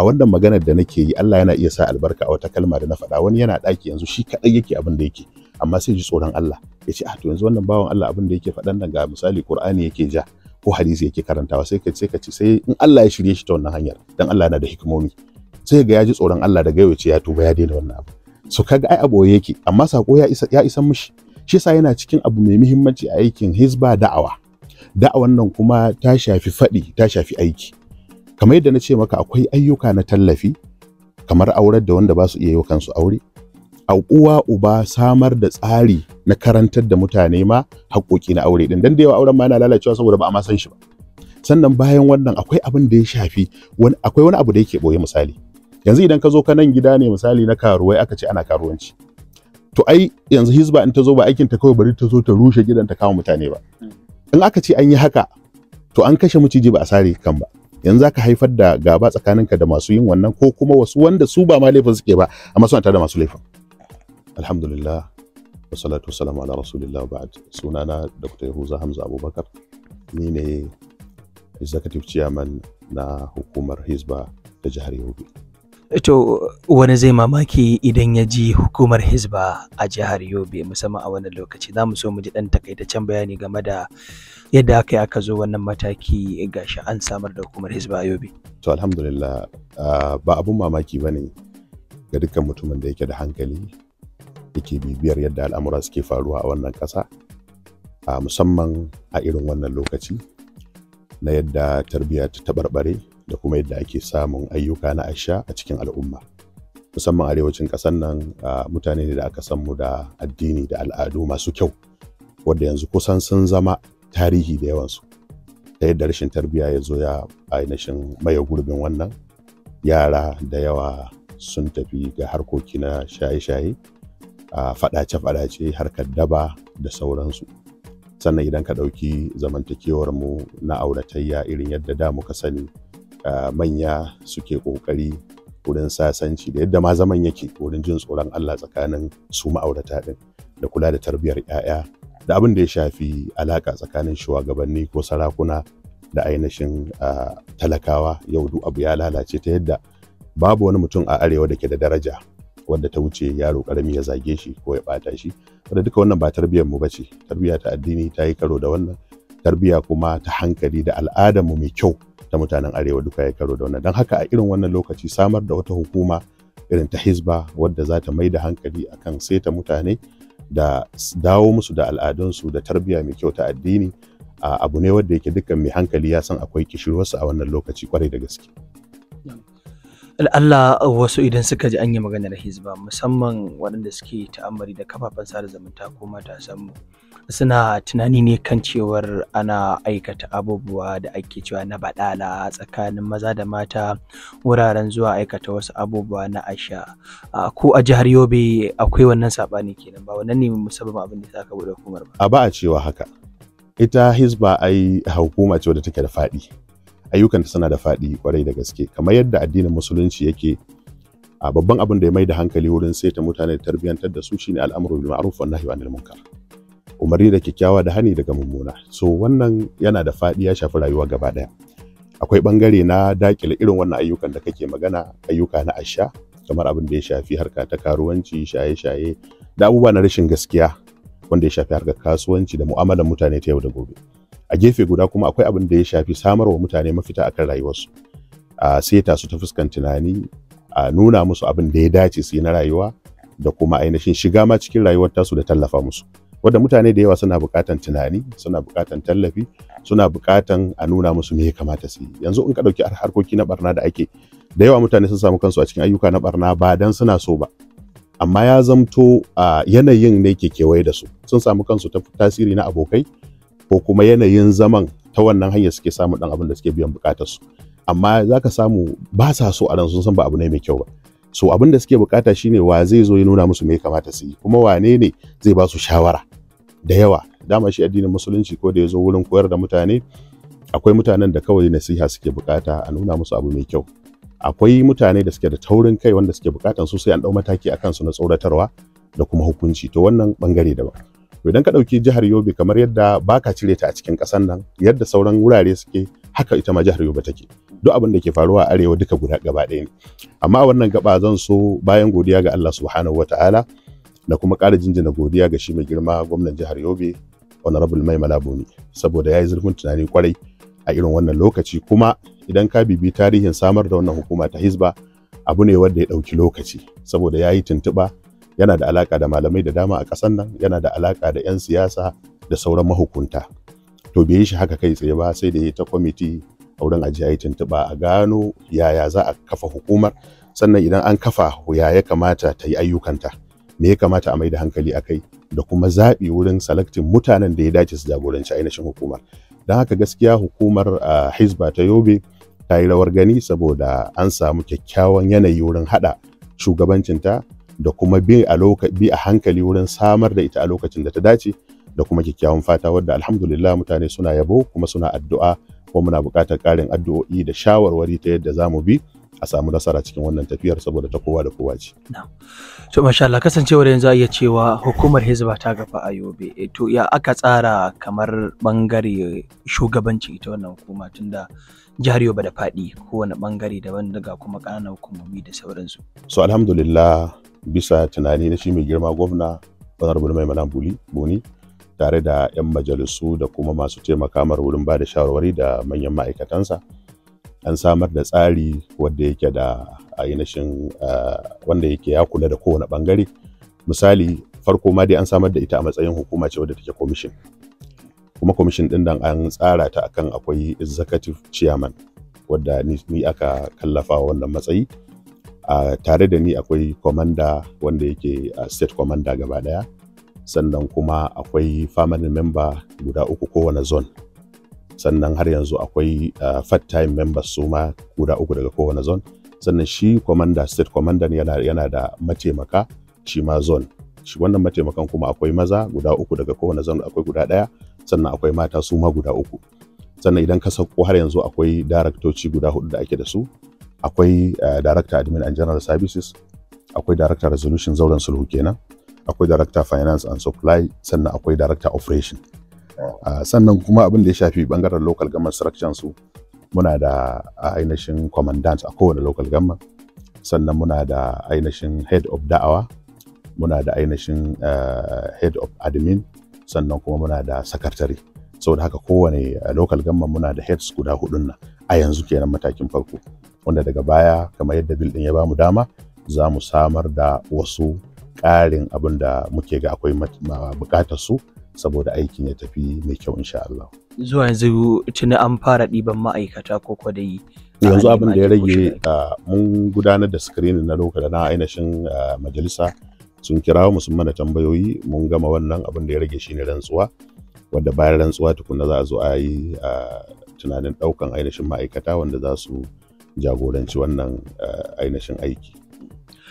a wannan maganar da nake yi Allah yana iya sa albarka a wata kalma da na faɗa wani yana ɗaki yanzu shi kaɗai yake abin da yake amma sai ji tsoron Allah ya ce ah to yanzu wannan bawan Allah abin da yake faɗan nan ga misali Qur'ani yake ja ko hadisi yake karantawa sai ka sai ka sai in Allah ya shirye shi ta wannan hanyar dan Allah yana da hikimomi sai ga ya ji tsoron Allah da yau ya tuba ya daina wannan abu so kaga ai abo yake amma sako ya isa ya isan mishi shi yasa yana cikin abu mai muhimmanci a aikin hizba da'awa da'awan nan kuma ta shafi faɗi ta shafi aiki kamar yadda na ce maka akwai ayyuka na tallafi kamar aurar da wanda ba su iya yi kansu aure a uwa uba samar da tsari na karantar da mutane ma haƙoƙi na aure din dan da yawa auren ma yana lalacewa saboda ba a ma san shi ba sannan bayan wannan akwai abin da ya shafi akwai wani abu da yake boye misali yanzu idan ka zo ka nan gida ne misali na karuwai aka ce ana karuwanci to ai yanzu hizba in ta zo ba aikin ta kawai bari ta zo ta rushe gidan ta kama mutane ba hmm. in aka ce an yi haka to an kashe miciji ba a sare kan ba yanzu zaka haifar da gaba tsakaninka da masu yin wannan ko kuma wasu wanda su ba ma laifin suke ba amma suna tare da masu laifin alhamdulillah wa salatu wa salamu ala rasulillah ba'd sunana dr yahuza hamza abubakar ni ne executive chairman na hukumar hizba ta jihar yobe to wani zai mamaki idan ya ji hukumar hizba a jihar yobe musamman a wannan lokaci za mu so mu ji dan takaitaccen bayani game da yadda aka yi aka zo wannan mataki eh, gashi an samar da hukumar hizba ayobi to alhamdulillah ah, ba abun mamaki ba ne ga dukkan mutumin da yake da hankali yake bibiyar yadda al'amura suke faruwa a wannan ƙasa ah, musamman a irin wannan lokaci na yadda tarbiyya ta taɓarɓare da kuma yadda ake samun ayyuka na asha a cikin al'umma musamman arewacin ƙasar nan ah, mutane ne da aka san mu da addini da al'adu masu kyau wadda yanzu kusan sun zama tarihi da yawansu ta yadda rashin tarbiyya ya zo ya ainihin maye gurbin wannan yara da yawa sun tafi ga harkoki na shaye-shaye a fadace-fadace harkar daba da sauransu sannan idan ka ɗauki zamantakewar mu na auratayya irin yadda da muka sani manya suke ƙoƙari wurin sasanci da yadda ma zaman yake wurin jin tsoron Allah tsakanin su ma'aurata ɗin da kula da tarbiyyar 'ya'ya da abin da ya shafi alaƙa tsakanin shugabanni ko sarakuna da ainihin talakawa yau duk abu ya lalace ta yadda babu wani mutum a arewa da ke da daraja wadda ta wuce yaro karami ya zage shi ko ya bata shi wadda duka wannan ba tarbiyyar mu bace tarbiyya ta addini ta yi karo da wannan tarbiyya kuma ta hankali da al'adar mu mai kyau ta mutanen arewa duka ya karo da wannan don haka a irin wannan lokaci samar da wata hukuma irin ta hisba wadda za ta mai da hankali akan saita mutane da dawo musu da al'adunsu da tarbiyya mai kyau ta addini abu ne wanda yake dukkan mai hankali ya san akwai kishirwarsu a wannan lokaci kwarai da gaske. Allah wasu idan suka ji an yi maganar hizba musamman waɗanda suke ta'amari da kafafen sada zumunta ko matasanmu. mu suna tunani ne kan cewar ana aikata abubuwa da ake cewa na badala tsakanin maza da mata wuraren zuwa aikata wasu abubuwa na asha ko a jihar yobe akwai wannan sabani kenan ba wannan ne musamman abin da aka bude hukumar ba a ba a cewa haka ita hisba ai hukuma ce wadda take da fadi, ayyukanta suna da fadi kwarai da gaske kamar yadda addinin musulunci yake a babban abin da ya mai da hankali wurin saita mutane da tarbiyyantar da su shine al'amuru bil ma'ruf wan nahyi anil munkar umarni da kyakkyawa da hani daga mummuna so wannan yana da faɗi ya shafi rayuwa gaba ɗaya akwai ɓangare na daƙile irin wannan ayyukan da kake magana ayyuka na asha kamar abin da ya shafi harka ta karuwanci shaye-shaye da abubuwa na rashin gaskiya wanda ya shafi harka kasuwanci da mu'amalar mutane ta yau da gobe a gefe guda kuma akwai abin da ya shafi samar wa mutane mafita akan rayuwarsu a seta su ta fuskan tunani a nuna musu abin da ya dace su yi na rayuwa da kuma ainihin shiga ma cikin rayuwar tasu da tallafa musu wanda mutane da yawa suna bukatan tunani suna bukatan tallafi suna bukatan a nuna musu me ya kamata su yi yanzu in ka ɗauki harkoki na barna da ake da yawa mutane sun samu kansu a cikin ayyuka na barna ba dan suna so ba amma ya zamto a yanayin ne ke kewaye da su sun samu kansu ta tasiri na abokai ko kuma yanayin zaman ta wannan hanyar suke samu dan abin da suke biyan su. amma za ka samu ba sa so a nan sun san ba abu ne mai kyau ba so abin da suke bukata shine wa zai zo ya nuna musu me ya kamata su yi kuma wane ne zai ba su shawara da yawa dama shi addinin musulunci ko da ya zo wurin koyar da mutane akwai mutanen da kawai nasiha suke bukata a nuna musu abu mai kyau akwai mutane da suke da taurin kai wanda suke bukatan su sai an dau mataki a kansu na tsoratarwa da kuma hukunci to wannan bangare daban to idan ka dauki jihar Yobe kamar yadda baka cire ta a cikin kasan nan yadda sauran wurare suke haka ita ma jihar Yobe take duk abin da ke faruwa a arewa duka guda gaba ɗaya ne amma wannan gaba zan so bayan godiya ga Allah subhanahu wataala da kuma ƙara jinjina godiya ga shi mai girma gwamnan jihar Yobe Honorable Mai malaboni saboda ya yi zurfin tunani kwarai a irin wannan lokaci kuma idan ka bibi tarihin samar da wannan hukuma ta hisba, abu ne wanda ya ɗauki lokaci saboda ya yi tuntuɓa yana da alaka da malamai da dama a kasan nan yana da alaka da 'yan siyasa da sauran mahukunta to bai yi shi haka kai tsaye ba sai da ya ta kwamiti a wurin ajiya ya yi tuntuɓa a gano yaya za a kafa hukumar sannan idan an kafa ya ya kamata ta yi ayyukanta. me ya kamata a maida hankali a kai da kuma zaɓi wurin salaktin mutanen da ya dace su jagoranci ainihin hukumar don haka gaskiya hukumar hizba ta yobe ta yi rawar gani saboda an samu kyakkyawan yanayi wurin haɗa shugabancinta da kuma bi a bi a hankali wurin samar da ita a lokacin da ta dace da kuma kyakkyawan fata wadda alhamdulillah mutane suna yabo kuma suna addu'a kuma muna buƙatar ƙarin addu'o'i da shawarwari ta yadda za mu bi a samu nasara cikin wannan tafiyar saboda ta kowa da kowa ce. To masha Allah kasancewar yanzu a iya cewa hukumar Hizba ta gafa a Yobe. Eh, to ya aka tsara kamar bangare shugabanci ita wannan hukuma tun da jihar Yobe da faɗi kowane bangare daban daga kuma ƙananan hukumomi da sauransu. So alhamdulillah bisa tunani na shi mai girma gwamna Honorable Mai buli Buni tare da 'yan majalisu da kuma masu taimaka wurin ba da shawarwari da manyan ma'aikatansa. an samar da tsari wanda yake da ainihin wanda yake ya kula da kowane bangare misali farko ma dai an samar da ita a matsayin hukuma ce wadda take commission kuma commission din nan an tsara ta akan akwai executive chairman wadda ni aka kallafa wannan matsayi a tare da ni akwai commander wanda yake state commander gaba daya sannan kuma akwai family member guda uku kowane zone sannan har yanzu akwai fat ah, time members su ma guda uku daga kowane zone sannan shi commander state commander yana, yana da mataimaka shi ma zone shi wannan mataimakan kuma akwai maza guda uku daga kowane zone akwai guda ɗaya sannan akwai mata su ma guda uku sannan idan ka sauko har yanzu akwai daraktoci guda hudu da ake da su akwai uh, director admin and general services akwai director resolution zauren sulhu kenan akwai director finance and supply sannan akwai director operation Ah, sannan kuma abin da ya shafi bangaren local government structure su muna da ainihin commandant a kowane local government sannan muna da ainihin head of da'awa muna da ainihin eh, head of admin sannan kuma muna da secretary saboda haka kowane eh, local government muna da heads guda hudun nan a yanzu kenan matakin farko wanda daga baya kamar yadda bill din ya bamu dama za mu samar da wasu ƙarin abin da muke ga akwai buƙatar su saboda aikin ya tafi mai kyau insha Allah. Zuwa yanzu tuni an fara ɗiban ma'aikata ko ko dai yanzu abin da ya rage ah, mun gudanar da screening na lokacin na ainihin ah, majalisa sun kira mu sun mana tambayoyi mun gama wannan abin da ya rage shine rantsuwa wanda bayan rantsuwa tukunna za a zo a yi ah, tunanin ɗaukan ainihin ma'aikata wanda za su jagoranci wannan ainihin aiki.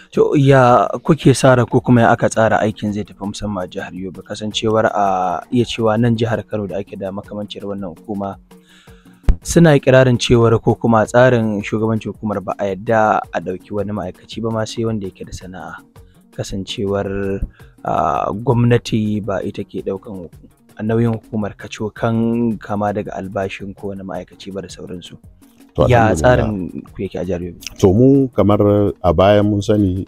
To ya kuke tsara ko kuma ya aka tsara aikin zai tafi musamman a jihar Yobe kasancewar a iya cewa nan jihar Kano da ake da makamancin wannan hukuma suna kirarin cewar ko kuma tsarin shugabancin hukumar ba a yadda a ɗauki wani ma'aikaci ba ma sai wanda yake da sana'a kasancewar gwamnati ba ita ke ɗaukan nauyin hukumar kacokan kama daga albashin ko wani ma'aikaci ba da sauransu. ya tsarin ku yake a jihar to mu kamar a bayan mun sani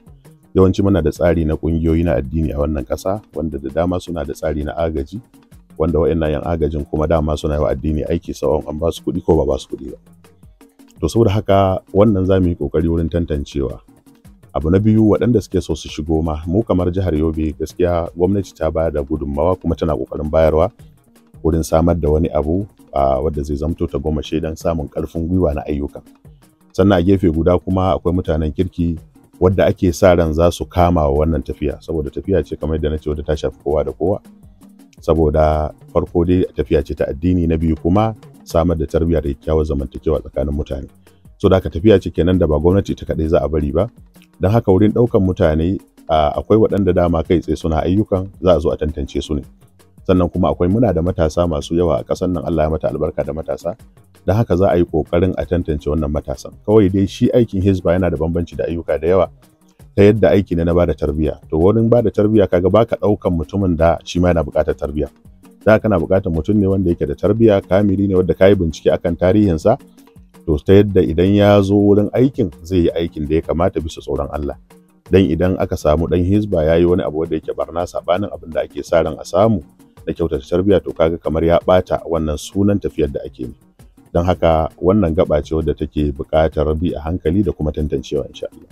yawanci muna da tsari na kungiyoyi na addini a wannan kasa wanda da dama suna da tsari na agaji wanda wa'annan yan agajin kuma dama suna yi wa addini aiki tsawon an ba su kuɗi ko ba ba su kuɗi ba to saboda haka wannan za mu yi ƙoƙari wurin tantancewa abu na biyu waɗanda suke so su shigo ma mu kamar jihar yobe gaskiya gwamnati ta bayar da gudunmawa kuma tana ƙoƙarin bayarwa wurin samar da wani abu wadda zai zamto ta goma don samun karfin gwiwa na ayyuka sannan a gefe guda kuma akwai mutanen kirki wadda ake sa ran za su kama wa wannan tafiya saboda tafiya ce kamar yadda na ce wadda ta shafi kowa da kowa saboda farko dai tafiya ce ta addini na biyu kuma samar da tarbiyya da kyakkyawar zamantakewa tsakanin mutane so da haka tafiya ce kenan da ba gwamnati ta kadai za a bari ba don haka wurin daukan mutane akwai waɗanda dama kai tsaye suna ayyukan za a zo a tantance su ne sannan kuma akwai muna da matasa masu yawa a ƙasar nan Allah ya mata albarka da matasa da haka za a yi ƙoƙarin a tantance wannan matasan kawai dai shi aikin hizba yana da bambanci da ayyuka da yawa ta yadda aiki ne na bada tarbiyya to wurin bada tarbiyya kaga baka ɗaukan mutumin da shi ma yana buƙatar tarbiyya da kana buƙatar mutum ne wanda yake da tarbiyya kamili ne wanda kayi bincike akan tarihinsa to ta yadda idan ya zo wurin aikin zai yi aikin da ya kamata bisa tsoron Allah dan idan aka samu dan hizba yayi wani abu wanda yake barna sabanin abin da ake sa ran a samu da kyautata tarbiyya to kaga kamar ya ɓata wannan sunan tafiyar da ake yi don haka wannan gaba ce wadda take buƙatar bi a hankali da kuma tantancewa insha Allah.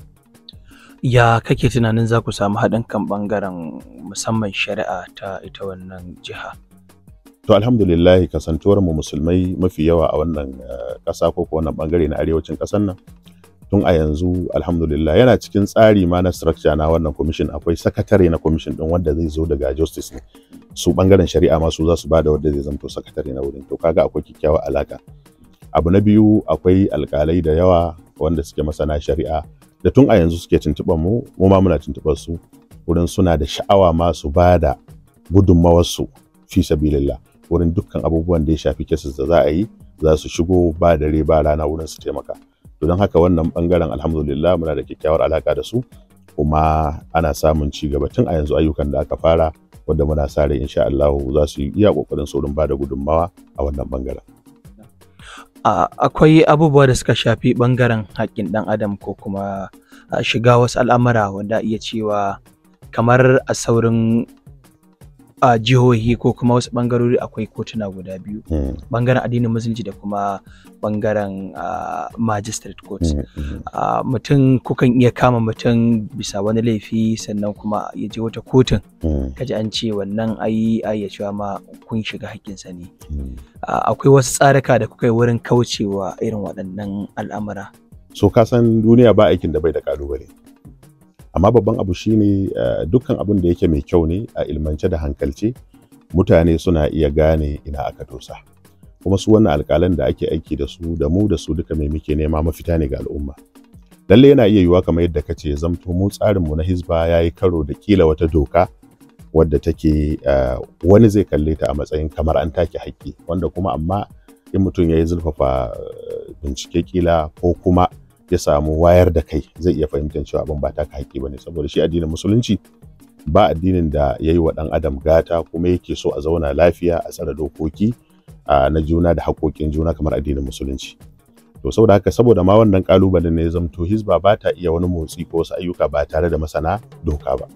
Ya kake tunanin za ku samu haɗin kan ɓangaren musamman shari'a ta ita wannan jiha? To alhamdulillah kasantuwar mu musulmai mafi yawa a wannan eh, ƙasa ko ko wannan ɓangare na arewacin ƙasar nan tun a yanzu alhamdulillah yana cikin tsari ma na structure na wannan commission akwai sakatare na commission din wanda zai zo daga justice ne su bangaren shari'a ma su za su bada wanda zai zanto sakatare na wurin to kaga akwai kyakkyawar alaka abu na biyu akwai alkalai da yawa wanda suke masana shari'a da tun a yanzu suke tuntuɓar mu mu ma muna tuntuɓar su wurin suna da sha'awa ma su bada gudunmawar su fi sabilillah wurin dukkan abubuwan da ya shafi cases da za a yi za su shigo ba dare ba rana wurin su taimaka to don haka wannan bangaren alhamdulillah muna da kyakkyawar alaka da su kuma ana samun ci gaba tun a yanzu ayyukan da aka fara wanda muna sa rai insha Allah za su yi iya kokarin saurin bada gudunmawa a wannan bangaren akwai abubuwa da suka shafi bangaren haƙƙin ɗan adam ko kuma shiga wasu al'amura wanda iya cewa kamar a saurin a jihohi ko kuma wasu bangarori akwai kotuna guda biyu bangaren hmm. addinin musulunci da kuma bangaren magistrate court hmm, hmm, mutum kukan iya kama mutum bisa wani laifi sannan kuma ya je wata kotun kaji an ce wannan ayi ya cewa ma kun shiga haƙƙinsa ne akwai wasu tsaraka da kuka yi wurin kaucewa irin waɗannan al'amura so ka san duniya ba aikin da bai da ƙalubale amma babban abu shine eh, dukkan abin da yake mai kyau ne a ilmance da hankalce mutane suna iya gane ina aka dosa kuma su wannan alƙalan da ake aiki da su da mu da su duka mai muke nema mafita ne ga al'umma lalle yana iya yiwuwa kamar yadda ka ce zamto mu tsarinmu na hizba ya yi karo da kila wata doka wadda take eh, wani zai kalle ta a matsayin kamar an take haƙƙi wanda kuma amma in mutum ya yi zurfafa eh, bincike kila ko kuma ya samu wayar da kai zai iya fahimtar cewa abin ba ta ka haƙi bane saboda shi addinin musulunci ba addinin da ya yi wa ɗan adam gata kuma yake so a zauna lafiya a tsara dokoki na juna da haƙƙoƙin juna kamar addinin musulunci to saboda haka saboda ma wannan kalubalen ne ya zamto hizba ba ta iya wani motsi ko wasu ayyuka ba tare da masana doka ba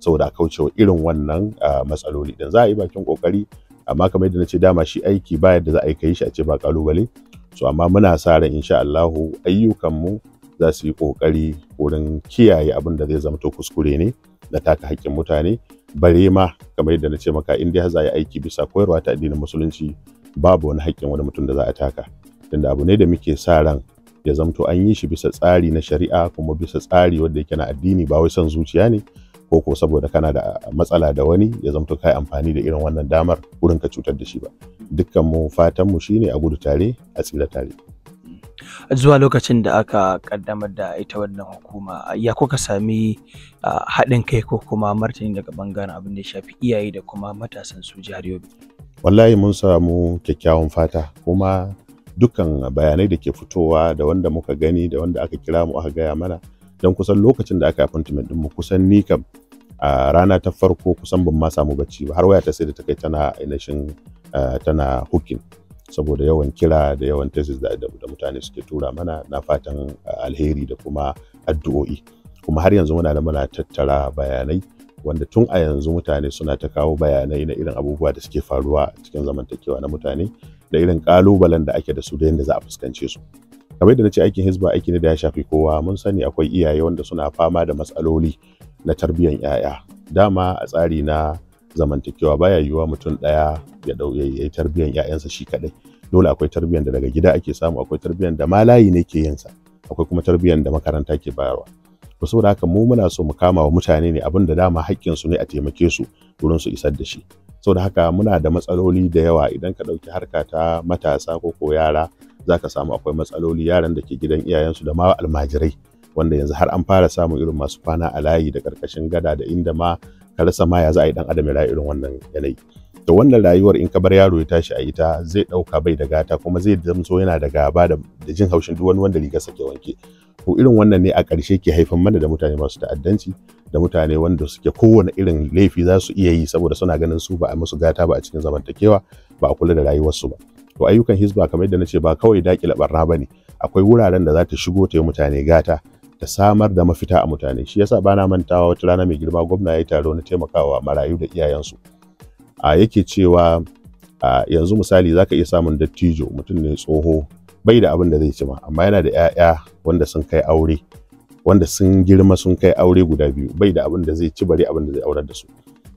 saboda kaucewa irin wannan matsaloli dan za a yi bakin kokari amma kamar yadda na ce dama shi aiki ba yadda za a yi kai shi a ce ba kalubale so amma muna sa ran insha Allahu ayyukanmu za su yi ƙoƙari wurin kiyaye abin da zai zamto kuskure ne na taka haƙƙin mutane bare ma kamar yadda na ce maka in dai za a yi aiki bisa koyarwa ta addinin musulunci babu wani haƙƙin wani mutum da za a taka tunda abu ne da muke sa ran ya zamto an yi shi bisa tsari na shari'a kuma bisa tsari wanda yake na addini ba wai son zuciya ne ko ko saboda kana da matsala da wani ya zamto kai amfani da irin wannan damar wurin ka cutar da shi ba dukkan mu fatan mu shine a gudu tare a tsira tare zuwa lokacin da aka kaddamar da ita wannan hukuma ya kuka sami haɗin kai ko kuma martani daga bangaren abin da ya shafi iyaye da kuma matasan su jihar yobe wallahi mun samu kyakkyawan fata kuma dukkan bayanai da ke fitowa da wanda muka gani da wanda aka kira mu aka gaya mana don kusan lokacin da aka appointment din mu kusan ni kam a rana ta farko kusan ban ma samu bacci ba har waya ta sai da ta kai tana ainihin tana hukin saboda yawan kira da yawan tesis da mutane suke tura mana na fatan alheri da kuma addu'o'i kuma har yanzu muna da muna tattara bayanai wanda tun a yanzu mutane suna ta kawo bayanai na irin abubuwa da suke faruwa cikin zamantakewa na mutane da irin kalubalen da ake da su da yadda za a fuskance su kamar yadda na ce aikin hizba aiki ne da ya shafi kowa mun sani akwai iyaye wanda suna fama da matsaloli na tarbiyyar 'ya'ya dama a tsari na zamantakewa baya yiwuwa mutum ɗaya ya dau ya yi tarbiyyar 'ya'yansa shi kaɗai dole akwai tarbiyyar da daga gida ake samu akwai tarbiyyar da malayi ne ke yinsa akwai kuma tarbiyyar da makaranta ke bayarwa to saboda haka mu muna so mu kama wa mutane ne abin da dama su ne a taimake su wurin su isar da shi so da haka muna da matsaloli da yawa idan ka ɗauki harka ta matasa ko ko yara za ka samu akwai matsaloli yaran da ke gidan iyayensu da ma almajirai wanda yanzu har an fara samun irin masu kwana a layi da ƙarƙashin gada da inda ma ka rasa ma ya za a yi ɗan adam ya irin wannan yanayi Da wannan rayuwar in ka bar yaro ya tashi a ita zai ɗauka bai da gata kuma zai zamso yana da gaba da jin haushin duk wani wanda rigarsa ke wanke ko irin wannan ne a ƙarshe ke haifan mana da mutane masu ta'addanci da mutane wanda suke kowane irin laifi za su iya yi saboda suna ganin su ba a musu gata ba a cikin zamantakewa ba a kula da rayuwarsu ba to ayyukan hisba kamar yadda na ce ba kawai dakile barna ba ne akwai wuraren da za ta shigo ta yi mutane gata da samar da mafita a mutane shi yasa bana mantawa wata rana mai girma gwamna ya yi taro na taimakawa marayu da iyayensu a yake cewa yanzu misali zaka iya samun dattijo mutum ne tsoho bai da abin da zai ci ma amma yana da ƴaƴa wanda sun kai aure wanda sun girma sun kai aure guda biyu bai da abin da zai ci bari abin da zai aurar da su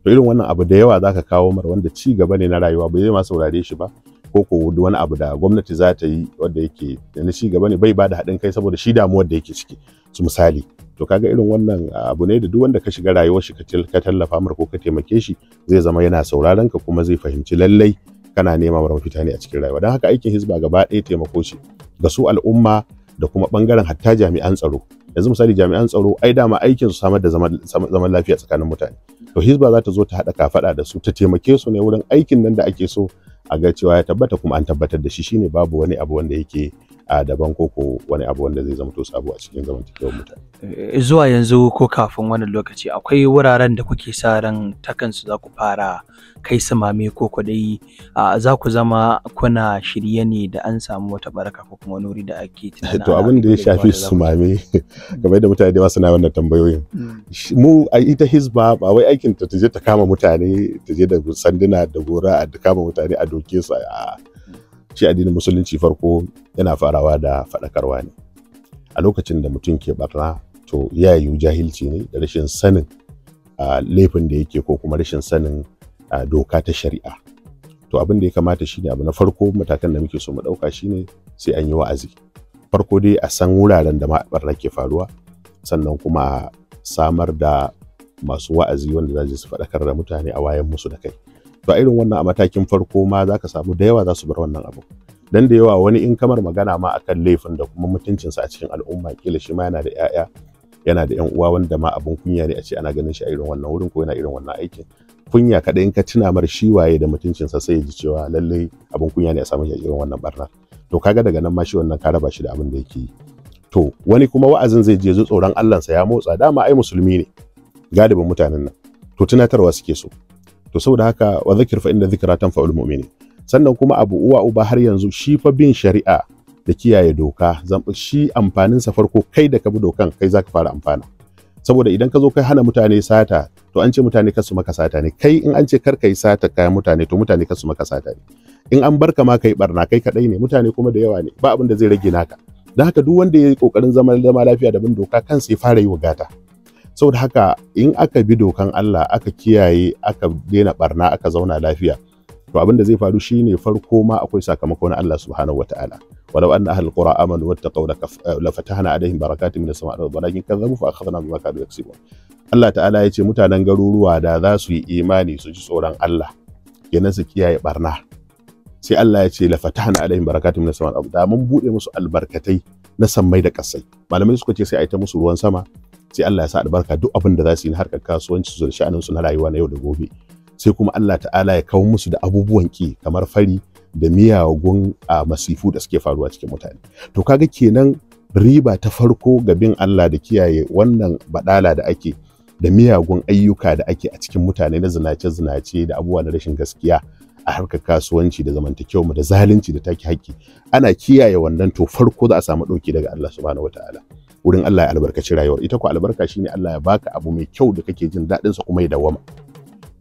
to irin wannan abu da yawa zaka kawo mar wanda ci gaba ne na rayuwa bai zai ma saurare shi ba ko ko wani abu da gwamnati za ta yi wanda yake na ci gaba ne bai ba da haɗin kai saboda shi damuwar da yake ciki su misali to kaga irin wannan abu ne da duk wanda ka shiga rayuwar shi ka tallafa mar ko ka taimake shi zai zama yana sauraron ka kuma zai fahimci lallai kana nema mara mafita ne a cikin rayuwa don haka aikin hizba gaba ɗaya taimako shi, ga su al'umma da kuma bangaren hatta jami'an tsaro yanzu misali jami'an tsaro ai dama aikin su samar da zaman lafiya tsakanin mutane to hizba za ta zo ta haɗa kafaɗa da su ta taimake su ne wurin aikin nan da ake so a ga cewa ya tabbata kuma an tabbatar da shi shine babu wani abu wanda yake a daban koko wani abu wanda zai zama to sabo a cikin zamantakewar mutane. Eh, zuwa yanzu ko kafin wannan lokaci akwai wuraren da kuke sa ran ta kansu za ku fara kai samame ko kudai za ku zama kuna shirye ne da an samu wata baraka ko kuma nuri da ake tunanin. To abin da ya shafi sumame kamar da mutane da su suna wannan tambayoyin. Mm. Mu a ita hizba ba wai aikin ta ta je ta kama mutane ta je da sanduna da gora a kama mutane a doke su a shi addinin musulunci farko yana farawa da faɗakarwa ne a lokacin da mutum ke barna to ya yiwu jahilci ne da rashin sanin laifin da yake ko kuma rashin sanin doka ta shari'a to abin da ya kamata shine abu na farko matakan da muke so mu ɗauka shine sai an yi wa'azi farko dai a san wuraren da barna ke faruwa sannan kuma samar da masu wa'azi wanda za su faɗakar da mutane a wayan musu da kai to a irin wannan a matakin farko ma za ka samu da yawa za su bar wannan abu dan da yawa wani in kamar magana ma akan laifin da kuma mutuncinsa a cikin al'umma kila shi ma yana da 'ya'ya yana da yan uwa wanda ma abun kunya ne a ce ana ganin shi a irin wannan wurin ko yana irin wannan aikin kunya kaɗai in ka tuna mar shi waye da mutuncinsa sai ya ji cewa lallai abun kunya ne a samu shi a irin wannan barna to kaga daga nan ma shi wannan ka raba shi da abin da yake yi to wani kuma wa'azin zai je ji tsoron sa ya motsa dama ai musulmi ne galibin mutanen nan to tunatarwa suke so to saboda haka wa zakir fa inda zikra ul mu'mini sannan kuma abu uwa uba har yanzu shi fa bin shari'a da kiyaye doka Zan shi amfanin sa farko kai da ka bi dokan kai zaka fara amfana saboda idan ka zo kai hana mutane sata to an ce mutane kasu maka sata ne kai in an ce kar kai sata kayan mutane to mutane kasu maka sata ne in an barka ma kai barna kai kadai ne mutane kuma da yawa ne ba abin da zai rage naka dan haka duk wanda ya yi kokarin zama zama lafiya da bin doka kansa ya fara yi wa gata saboda haka in aka bi dokan Allah aka kiyaye aka daina barna aka zauna lafiya to abin da zai faru shine farko ma akwai sakamako na Allah subhanahu wataala walau anna ahlul qura amanu wattaqaw la fatahna alaihim barakatin minas sama'i wal ardi walakin kazzabu fa akhadna bima kanu yaksibun Allah ta'ala ya ce mutanen garuruwa da za su yi imani su ji tsoron Allah kenan su kiyaye barna sai Allah ya ce la fatahna alaihim barakatun minas sama'i da mun bude musu albarkatai na sammai da kasai malamai suka ce sai a yi ta musu ruwan sama sai Allah ya sa albarka duk abin da za su yi na harkar kasuwanci su da sha'anin su na rayuwa na yau da gobe sai kuma Allah ta'ala ya kawo musu da abubuwan ki kamar fari da miyagun a masifu da suke faruwa cikin mutane to kaga kenan riba ta farko ga bin Allah da kiyaye wannan badala da ake da miyagun ayyuka da ake a cikin mutane na zinace-zinace da abubuwa na rashin gaskiya a harkar kasuwanci da zamantakewa da zalunci da take haƙƙi ana kiyaye wannan to farko za a samu ɗauki daga Allah subhanahu wataala wurin Allah ya albarkaci rayuwar ita ko albarka shine Allah ya baka abu mai kyau da kake jin daɗin sa kuma ya dawama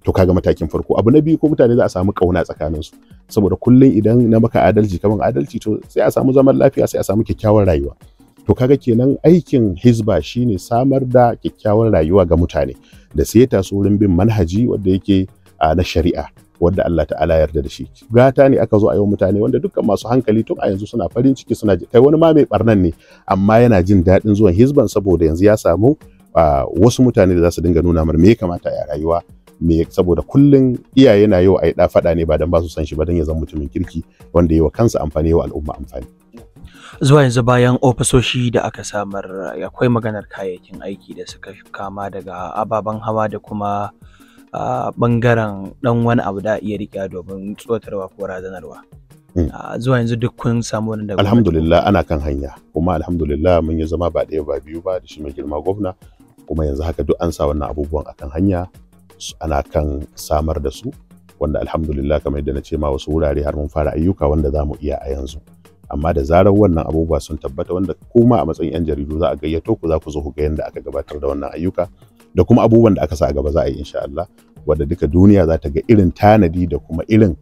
to kaga matakin farko abu na biyu ko mutane za a samu kauna tsakanin su saboda kullun idan na maka adalci kaman adalci to sai a samu zaman lafiya sai a samu kyakkyawar rayuwa to kaga kenan aikin hizba shine samar da kyakkyawar rayuwa ga mutane da sai ta su wurin bin manhaji wanda yake ah, na shari'a wadda Allah ta'ala yarda da shi gata ne aka zo a yi mutane wanda dukkan masu hankali tun a yanzu suna farin ciki suna kai wani ma mai barnan ne amma yana jin daɗin zuwan hizban saboda yanzu ya samu wasu mutane da za su dinga nuna mar me ya kamata a rayuwa me saboda kullun iyaye na yau a yi faɗa ne ba dan ba su san shi ba dan ya zama mutumin kirki wanda yawa kansa amfani yawa al'umma amfani zuwa yanzu bayan ofisoshi da aka samar akwai maganar kayayyakin aiki da suka kama daga ababen hawa da kuma bangaren dan wani abu da iya riƙe domin tsotarwa ko razanarwa hmm. zuwa yanzu duk kun samu wani daga alhamdulillah ana kan hanya kuma alhamdulillah mun yi zama ba ɗaya ba biyu ba da shi mai girma gwamna kuma yanzu haka duk an sa wannan abubuwan akan hanya ana kan samar da su wanda alhamdulillah kamar yadda na ce ma wasu wurare har mun fara ayyuka wanda za mu iya a yanzu amma da zarar wannan abubuwa sun tabbata wanda kuma a matsayin 'yan jaridu za a gayyato ku za ku zo ku ga yadda aka gabatar da wannan ayyuka da kuma abubuwan da aka sa a gaba za a yi insha Allah wadda duka duniya za ta ga irin tanadi da kuma irin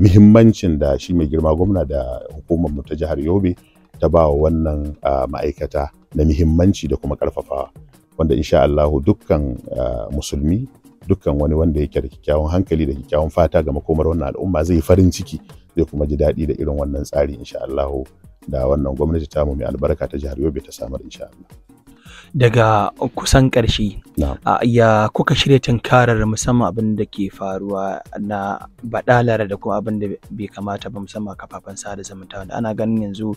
muhimmancin da shi mai girma gwamna da hukumar mu ta jihar Yobe ta ba wa wannan ma'aikata na muhimmanci da kuma karfafawa wanda insha Allah dukkan musulmi dukkan wani wanda yake da kyakkyawan hankali da kyakkyawan fata ga makomar wannan al'umma zai farin ciki zai kuma ji daɗi da irin wannan tsari insha Allah da wannan gwamnati ta mu mai albarka ta jihar Yobe ta samar insha Allah. Daga kusan ƙarshe, ya kuka shirya tunkarar musamman abin da ke faruwa na baɗalara da kuma abin da bai kamata ba musamman kafafen sada zumunta wanda ana ganin yanzu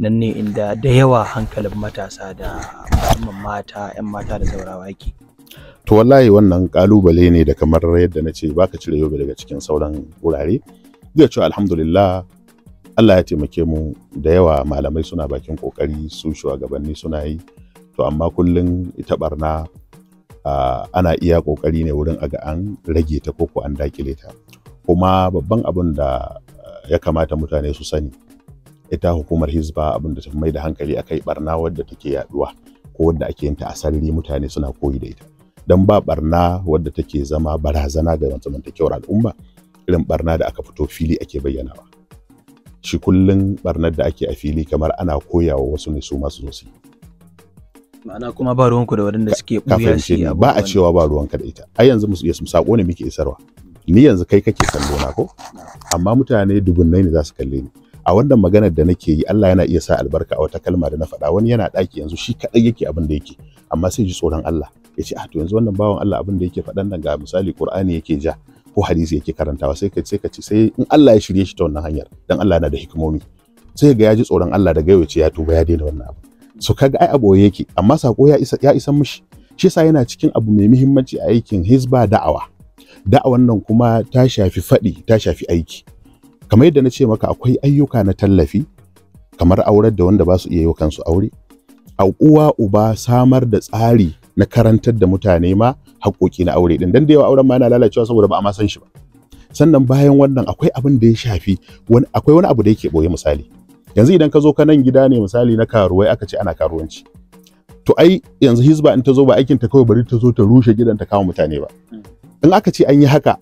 nan ne inda da yawa hankalin matasa da musamman mata 'yan mata da saurawa yake. To wallahi wannan kalubale ne da kamar yadda na ce baka cire yobe daga cikin sauran wurare. Zai ce alhamdulillah Allah ya taimake mu da yawa malamai suna bakin kokari su shugabanni suna yi to amma kullum ita barna ana iya kokari ne wurin aga an rage ta koko an dakile ta kuma babban abin da eh, ya kamata mutane su sani ita hukumar hizba abin da ta mai da hankali akai barna wadda take yaduwa ko wadda ake yin ta a mutane suna koyi da ita dan ba barna wadda take zama barazana ga zamantakewar al'umma irin barna da aka fito fili ake bayyanawa shi kullun barnar da ake a fili kamar ana koyawa wasu ne su masu zosi ma'ana kuma ba ruwanku da waɗanda suke ɓuya shi ba a cewa ba ruwanka da ita ai yanzu musu sako ne muke isarwa ni yanzu kai kake kallo na ko amma mutane dubunnai ne za su kalle ni a wannan maganar da nake yi Allah yana iya sa albarka a wata kalma da na faɗa wani yana ɗaki yanzu shi kaɗai yake abin da yake amma sai ji tsoron Allah ya ce ah to yanzu wannan bawan Allah abin da yake faɗan nan ga misali Qur'ani yake ja ko hadisi yake karantawa sai ka sai ka ci sai in Allah ya shirye shi ta wannan hanyar dan Allah yana da hikimomi sai ga ya ji tsoron Allah daga yau ce ya tuba ya daina wannan abu so kaga ai aboye yake amma sako ya isa ya isa mishi shi yasa yana cikin abu mai muhimmanci a aikin hizba da'awa da'awan nan kuma ta shafi faɗi ta shafi aiki kamar yadda na ce maka akwai ayyuka na tallafi kamar aurar da wanda ba su iya yi kansu aure a uwa uba samar da tsari na karantar da mutane ma haƙoƙi na aure din dan da yawa auren ma yana lalacewa saboda ba a ma san shi ba sannan bayan wannan akwai abin da ya shafi wani akwai wani abu da yake boye misali yanzu idan ka zo ka nan gida ne misali na karuwai aka ce ana karuwanci to ai yanzu hizba in ta zo ba aikin ta kawai bari ta zo ta rushe gidan ta kama mutane ba in aka ce an yi haka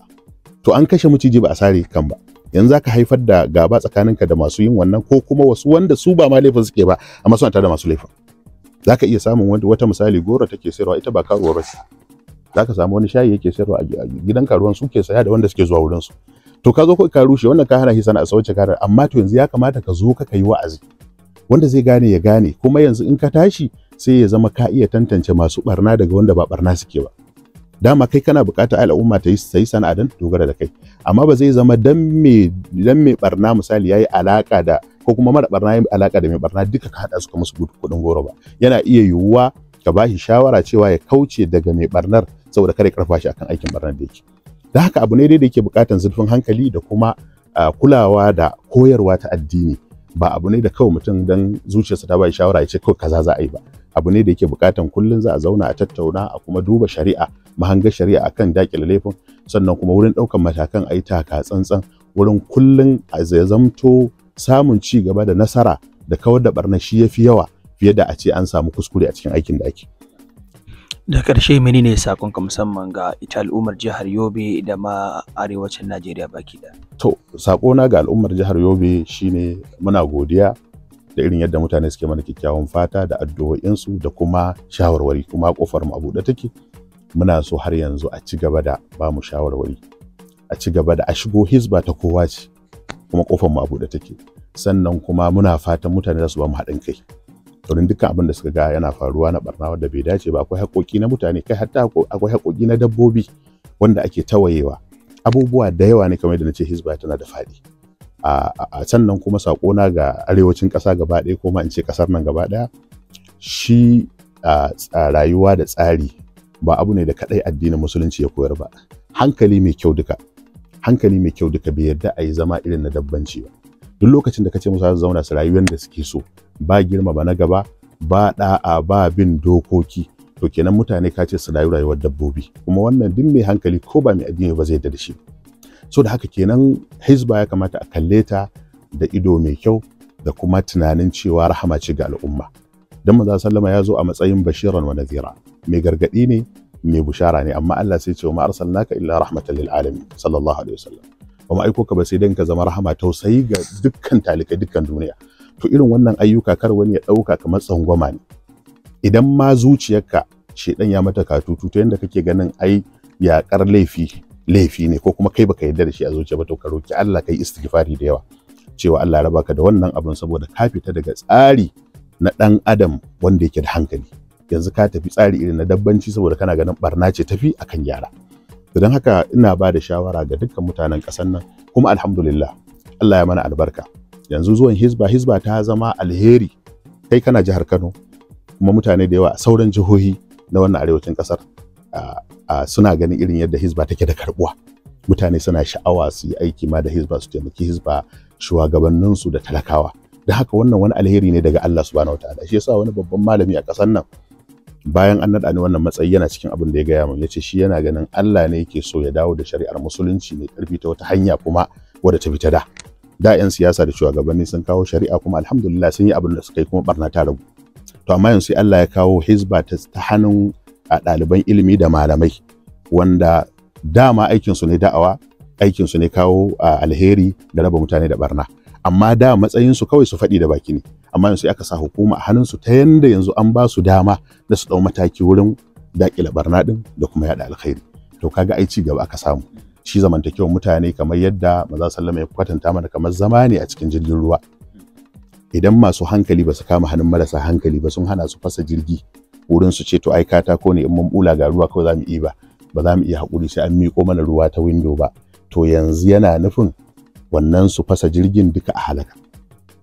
to an kashe miciji ba a sare kan ba yanzu zaka haifar da gaba tsakaninka da masu yin wannan ko kuma wasu wanda su ba ma laifin suke ba amma suna tare da masu laifin za ka iya samun wata misali goro take sayarwa ita ba karuwa ba ce za ka samu wani shayi yake sayarwa a gidan karuwan suke saya da wanda suke zuwa wurin su to ka zo ka rushe wannan ka hana shi sana'a a sauce karar amma to yanzu ya kamata ka zo ka kai wa'azi wanda zai gane ya gane kuma yanzu in ka tashi sai ya zama ka iya tantance masu barna daga wanda ba barna suke ba dama kai kana bukata al'umma ta yi sai sana'a don dogara da kai amma ba zai zama dan me dan me barna misali yayi alaka da ko kuma mara barna ya alaka da mai barna duka ka haɗa su ka musu kuɗin goro ba yana iya yiwuwa ka bashi shawara cewa ya kauce daga mai barnar saboda kare karfa shi akan aikin barnar da yake da haka abu ne dai da yake bukatan zurfin hankali da kuma kulawa da koyarwa ta addini ba abu ne da kawai mutum dan zuciyarsa ta bai shawara ya ce kawai kaza za a yi ba abu ne da yake bukatan kullun za a zauna a tattauna a kuma duba shari'a mahanga shari'a akan dakile laifin sannan kuma wurin daukan matakan a yi taka tsantsan wurin kullun a zamto samun ci gaba da nasara da kawar da barna shi ya fi yawa fiye da a ce an samu kuskure a cikin aikin da ake da ƙarshe mini sakon sakonka musamman ga ita al'ummar jihar Yobe da ma arewacin Najeriya baki da to saƙona ga al'ummar jihar Yobe shine muna godiya da irin yadda mutane suke mana kyakkyawan fata da addu'o'insu da kuma shawarwari kuma kofar mu a buɗe take muna so har yanzu a ci gaba da ba shawarwari a ci gaba da a shigo hizba ta kowa ce kuma kofar mu a take sannan kuma muna fatan mutane za su ba mu haɗin kai domin dukkan abin da suka ga yana faruwa na barna wanda bai dace ba akwai haƙoƙi na mutane kai hatta akwai haƙoƙi na dabbobi wanda ake tawayewa abubuwa da yawa ne kamar yadda nace hizba tana da faɗi a a sannan kuma na ga arewacin ƙasa gaba ɗaya ko ma in ce ƙasar nan gaba ɗaya shi rayuwa da tsari ba abu ne da kadai addinin musulunci ya koyar ba hankali mai kyau duka hankali mai kyau duka bai yarda a yi zama irin na dabbanci ba duk lokacin da ka ce musu za su zauna su rayuwar da suke so ba girma ba na gaba ba da'a ba bin dokoki to kenan mutane ka ce su rayu rayuwar dabbobi kuma wannan duk mai hankali ko ba mai addini ba zai yarda da shi so da haka kenan hizba ya kamata a kalle ta da ido mai kyau da kuma tunanin cewa rahama ce ga al'umma dan manzo sallama ya zo a matsayin bashiran wa Nazira, mai gargadi ne mai bushara ne amma Allah sai ce wa ma arsalnaka illa rahmatan lil alamin sallallahu alaihi wasallam kuma aiko ka ba sai dan ka zama rahama tausayi ga dukkan talikai dukkan duniya to irin wannan ayyuka kar wani ya dauka kamar tsangwama ne idan ma zuciyarka shedan ya mata katutu ta yanda kake ganin ai yakar laifi laifi ne ko kuma kai baka yarda da shi a zuciya ba to ka roki Allah kai istighfari da yawa cewa Allah ya raba ka da wannan abin saboda ka fita daga tsari na dan adam wanda yake da hankali yanzu ka tafi tsari irin na dabbanci saboda kana ganin barna ce tafi akan gyara don haka ina ba da shawara ga dukkan mutanen ƙasar nan kuma alhamdulillah Allah ya mana albarka yanzu zuwan hizba hizba ta zama alheri kai kana jihar Kano kuma mutane da yawa a sauran jihohi na wannan arewacin ƙasar suna ganin irin yadda hizba take da karbuwa mutane suna sha'awa su yi aiki ma da hizba su taimaki hizba shugabanninsu da talakawa da haka wannan wani alheri ne daga Allah subhanahu wataala shi yasa wani babban malami a ƙasar nan bayan an naɗa ni wannan matsayi yana cikin abin da ya gaya min yace shi yana ganin Allah ne yake so ya dawo da shari'ar musulunci ne karfi ta wata hanya kuma wadda ta fita da da yan siyasa da shugabanni sun kawo shari'a kuma alhamdulillah sun yi abin da suka yi kuma barna ta rabu to amma yanzu sai Allah ya kawo hizba ta hannun a ɗaliban ilimi da malamai wanda dama aikinsu ne da'awa aikinsu ne kawo alheri da raba mutane da barna amma da matsayin su kawai su faɗi da baki ne amma yanzu aka sa hukuma a hannun su ta yanda yanzu an ba su dama da su dau mataki wurin daƙile barna ɗin da kuma yaɗa alkhairi to kaga ai ci gaba aka samu shi zamantakewar mutane kamar yadda maza sallama ya kwatanta mana kamar zama ne a cikin jirgin ruwa idan masu hankali ba su kama hannun marasa hankali ba sun hana su fasa jirgi wurin su ce to ai katako ne in mun bula ga ruwa kawai za mu iya ba ba za mu iya haƙuri sai an miƙo mana ruwa ta windo ba to yanzu yana nufin wannan su fasa jirgin duka a halaka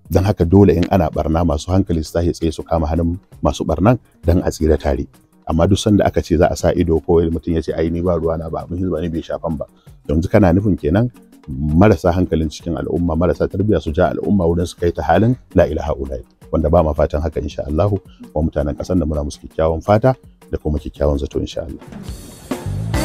don haka dole in ana barna masu hankali su tashi tsaye su kama hannun masu barnan don a tsira tare amma duk sanda aka ce za a sa ido ko mutum ya ce ai ni ba ruwa na ba muhimmi ne bai shafan ba yanzu kana nufin kenan marasa hankalin cikin al'umma marasa tarbiyya su ja al'umma wurin su kai ta halin la ilaha ulai wanda ba ma fatan haka insha Allah wa mutanen kasar da muna musu kyakkyawan fata da kuma kyakkyawan zato insha Allah